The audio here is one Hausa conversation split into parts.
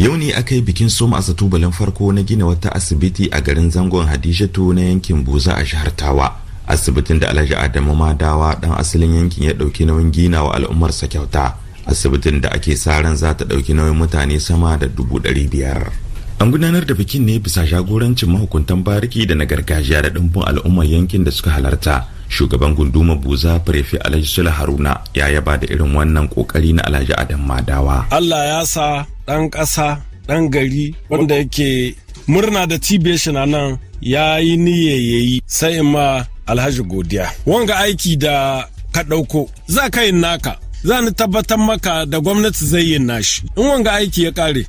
yau ne aka yi bikin soma a tubalin farko na gina wata asibiti a garin zangon hadishatu na yankin buza a jihar tawa asibitin da alhaji adamu madawa dan asalin yankin ya dauki nauyin gina wa sa kyauta asibitin da ake sa ran za ta dauki nauyin mutane sama da dubu ɗari biyar an gudanar da bikin ne bisa jagorancin mahukuntan bariki da na gargajiya da ɗimbin al'ummar yankin da suka halarta shugaban gunduma buza prefe alhaji sula haruna ya yaba da irin wannan kokari na alhaji adam madawa allah ya sa ɗan ƙasa ɗan gari wanda yake murna da cibiyar shi na nan ya yi niyya sai in ma alhaji godiya wanga aiki da ka ɗauko za ka yi naka za ni tabbatar maka da gwamnati zai yin nashi in wanga aiki ya ƙare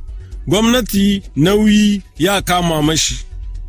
gwamnati nauyi ya kama mashi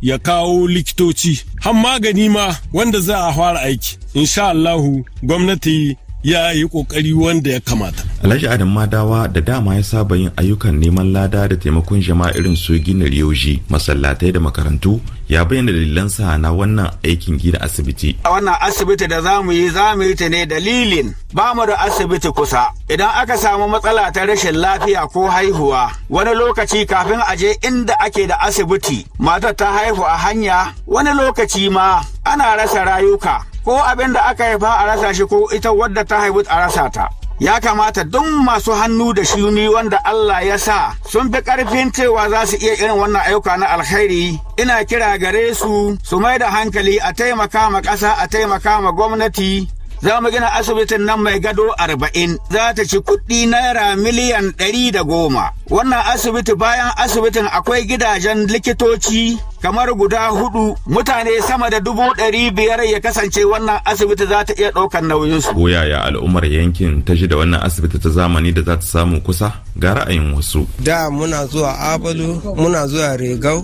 ya kawo likitoci har magani ma wanda za a fara aiki insha Allahu gwamnati ya yi ƙoƙari wanda ya kamata Alhaji Adam Madawa da dama ya saba yin ayyukan neman lada da taimakon jama'a irin su gina riyoji, masallatai da makarantu ya bayyana dalilansa na wannan aikin gida asibiti. A wannan asibiti da zamu yi za yi ta ne dalilin ba mu da asibiti kusa. Idan aka samu matsala ta rashin lafiya ko haihuwa wani lokaci kafin a je inda ake da asibiti matar ta haihu a hanya wani lokaci ma ana rasa rayuka ko abin da aka haifa a rasa shi ko ita wadda ta haifu a rasa ta. ya kamata duk masu hannu da shuni wanda Allah ya sa sun fi ƙarfin cewa za su iya irin wannan ayyuka na alkhairi ina kira gare su su mai da hankali a taimaka ma ƙasa a taimaka ma gwamnati za mu gina asibitin nan mai gado arba'in za ta ci kuɗi naira miliyan ɗari da goma. Wannan asibiti bayan asibitin akwai gidajen likitoci kamar guda hudu mutane sama da dubu ɗari biyar ya kasance wannan asibiti za ta iya ɗaukar nauyinsu. Ko yaya al'ummar yankin ta shi da wannan asibiti ta zamani da za ta samu kusa ga ra'ayin wasu. Da muna zuwa Abalu, muna zuwa Regau,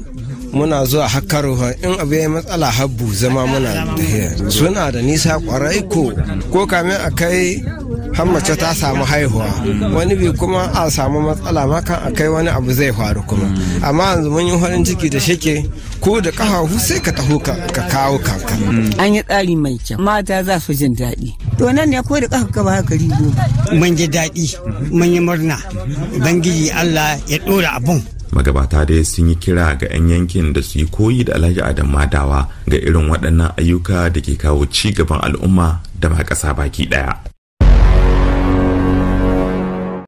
muna zuwa hakkaro in abu ya matsala habbu zama muna da suna da nisa kwarai ko ko kamin a kai hammace ta samu haihuwa wani bi kuma a samu matsala ma kan a kai wani abu zai faru kuma amma yanzu mun yi farin ciki da shake ko da kafafu sai ka taho ka kawo kanka an yi tsari mai kyau mata za su jin daɗi to nan ne ko da kafa ka ba ka rigo mun ji daɗi mun yi murna ubangiji Allah ya ɗora abun magabata dai sun yi kira ga 'yan yankin da su yi koyi da alhaji adam madawa ga irin waɗannan ayyuka da ke kawo ci gaban al'umma da ma ƙasa baki ɗaya